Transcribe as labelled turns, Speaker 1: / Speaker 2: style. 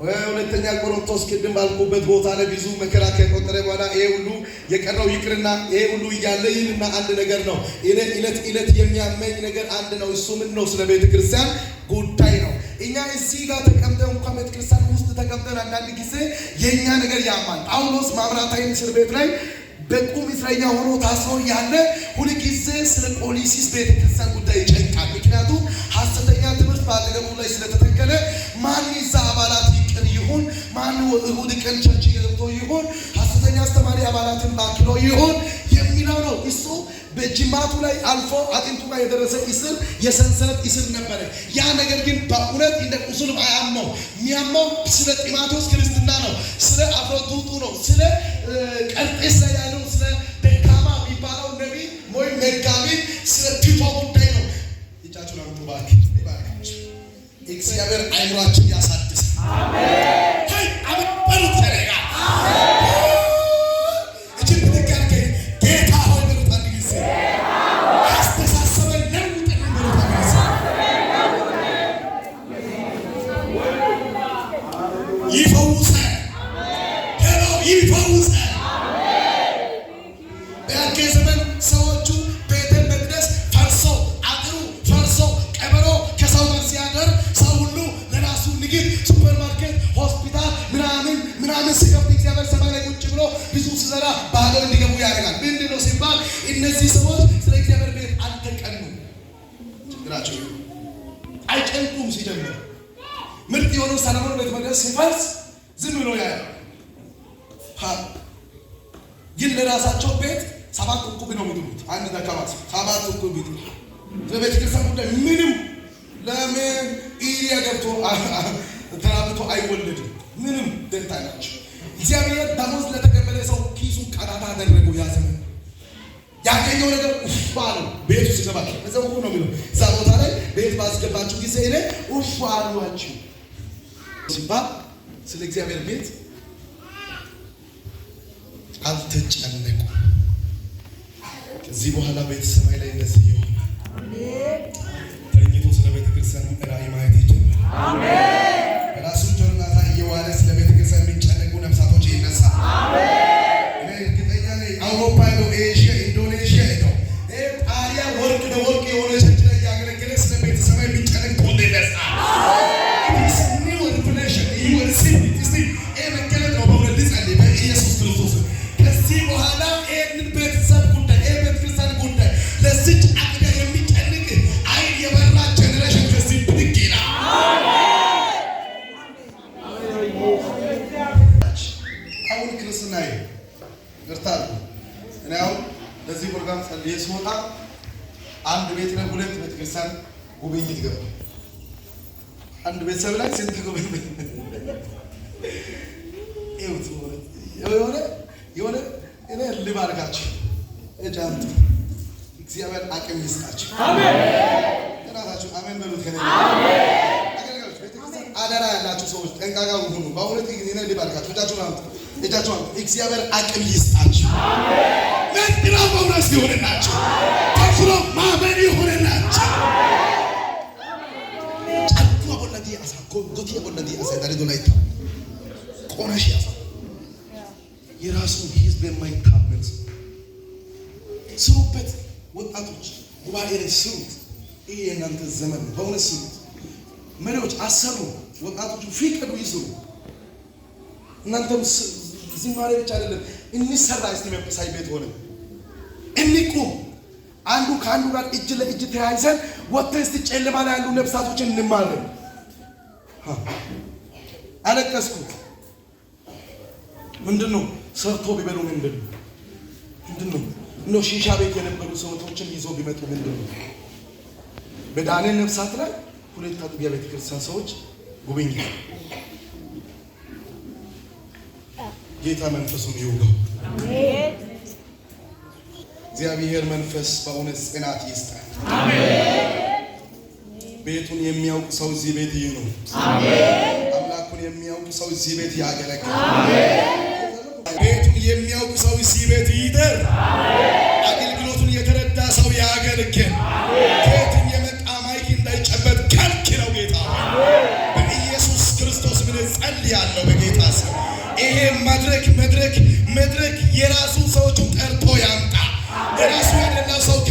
Speaker 1: ሁለተኛ ቆሮንቶስ ቅድም ባልኩበት ቦታ ላይ ብዙ መከራ ከቆጠረ በኋላ ይሄ ሁሉ የቀረው ይቅርና ይሄ ሁሉ እያለ ይህንና አንድ ነገር ነው። እለት እለት የሚያመኝ ነገር አንድ ነው። እሱ ምን ነው? ስለ ቤተ ክርስቲያን ጉዳይ ነው። እኛ እዚህ ጋር ተቀምጠን እንኳን ቤተ ክርስቲያን ውስጥ ተቀምጠን አንዳንድ ጊዜ የእኛ ነገር ያማል። ጳውሎስ ማምራታዊ እስር ቤት ላይ በቁም እስረኛ ሆኖ ታስሮ ያለ ጊዜ ስለ ፖሊሲስ ቤተክርስቲያን ጉዳይ ይጨንቃል። ምክንያቱም ሀሰተኛ ትምህርት በአጠገቡ ላይ ስለተተከለ ማን ይዛ አባላት ይቅር ይሆን? ማን እሁድ ቀን ቸርች ገብቶ ይሆን? ሀሰተኛ አስተማሪ አባላትን ባክሎ ይሆን የሚለው ነው እሱ በጅማቱ ላይ አልፎ አጥንቱ ላይ የደረሰ እስር የሰንሰለት እስር ነበረ። ያ ነገር ግን በእውነት እንደ ቁስል አያመው። የሚያመው ስለ ጢማቴዎስ ክርስትና ነው፣ ስለ አፍረቱጡ ነው፣ ስለ ቀርጤስ ላይ ያለው ስለ ደካማ የሚባለው ነቢ ወይም መጋቢ፣ ስለ ቲቶ ጉዳይ ነው። እጃችሁን አምጡ እባክህ። እግዚአብሔር አይምሯችን ያሳድስ። አሜን። በደርጌ ዘመን ሰዎቹ ቤተ መቅደስ ፈርሶ አጥሩ ፈርሶ ቀበሮ ከሰው ጋር ሲያደር ሰው ሁሉ ለራሱ ንግድ፣ ሱፐርማርኬት፣ ሆስፒታል ምናምን ምናምን ሲገቡ እግዚአብሔር ሰማይ ላይ ቁጭ ብሎ ብዙ ሲዘራ በሀገር እንዲገቡ ያደርጋል። ምንድን ነው ሲባል እነዚህ ሰዎች ስለ እግዚአብሔር ቤት አልተቀኑ ችግራቸው አይጨንቁም። ሲጀምር ምርጥ የሆነው ሰለሞን ቤተ መቅደስ ሲፈርስ ዝም ብሎ ያያል። ግን ለራሳቸው ቤት ሰባት እቁብ ነው የሚጥሉት። አንድ ደካማ ሰባት እቁብ ይጥሉ። ስለቤተ ክርስቲያን ጉዳይ ምንም ለምን ኢሪያ ገብቶ ተራብቶ አይወለድም። ምንም ደንታ ናቸው። እግዚአብሔር ደሞዝ ለተቀበለ ሰው ኪሱ ቀዳዳ አደረገው። ያ ያገኘው ነገር ኡፍ አሉ። ቤት ውስጥ ይገባል። እዛው ነው የሚለው እዛ ቦታ ላይ ቤት ባስገባችሁ ጊዜ እኔ ኡፍ አሏችሁ ሲባል ስለ እግዚአብሔር ቤት አልተጨነቁ ከዚህ በኋላ ሰማይ ላይ እንደዚህ ይሆናል። ተኝቶ ስለ ቤተክርስቲያን ራእይ ማየት
Speaker 2: ይጀምራል።
Speaker 1: ክርስትና ይሄ ይቅርታል። እኔ አሁን ለዚህ ፕሮግራም ጸልዬ ስወጣ አንድ ቤት ላይ ሁለት ቤተክርስቲያን ጉብኝት ገባ። አንድ ቤተሰብ ላይ ስንት ጉብኝት የሆነ የሆነ እኔ ልብ አድርጋችሁ እጃምጡ። እግዚአብሔር አቅም ይስጣችሁ። አሜን። እናታችሁ አሜን በሉት ከኔ አደራ ያላችሁ ሰዎች ጠንቃቃ ሁኑ። በአሁኑ ጊዜ ነ ልባርካችሁ። እጃችሁን አምጡ፣ እጃችሁን አምጡ። እግዚአብሔር አቅም ይስጣችሁ። ለድራ መውረስ ይሆንላችሁ፣ ተፍሮ ማመን ይሆንላችሁ። ቆረሽ ህዝብ ስሩበት፣ ወጣቶች ጉባኤ ላይ ስሩት። ይህ የእናንተ ዘመን በእውነት ስሩት። መሪዎች አሰሩ። ወጣቶቹ ፍቅዱ ይስሩ። እናንተም ዝማሬ ብቻ አይደለም እንሰራ። እስቲ መንፈሳዊ ቤት ሆነ እንቁም። አንዱ ከአንዱ ጋር እጅ ለእጅ ተያይዘን ወጥተን እስቲ ጨለማ ላይ ያሉ ነፍሳቶችን እንማለን። አለቀስኩ። ምንድን ነው ሰርቶ ቢበሉ ምንድን ነው ምንድን ነው እንደ ሺሻ ቤት የነበሩ ሰዎችን ይዞ ቢመጡ ምንድን ነው? በዳኔ ነፍሳት ላይ ሁለት አጥቢያ ቤተክርስቲያን ሰዎች ጉብኝት ጌታ መንፈሱን ይውጋው እግዚአብሔር መንፈስ በእውነት ጽናት ይስጣል። ቤቱን የሚያውቅ ሰው እዚህ ቤት ይኑር።
Speaker 2: አምላኩን
Speaker 1: የሚያውቅ ሰው እዚህ ቤት ያገለግል። ቤቱን የሚያውቅ ሰው እዚህ ቤት ይደር። ጸልያለሁ በጌታ ስም። ይሄ መድረክ መድረክ መድረክ የራሱ ሰዎቹን ጠርቶ ያምጣ የራሱ ያደላ ሰው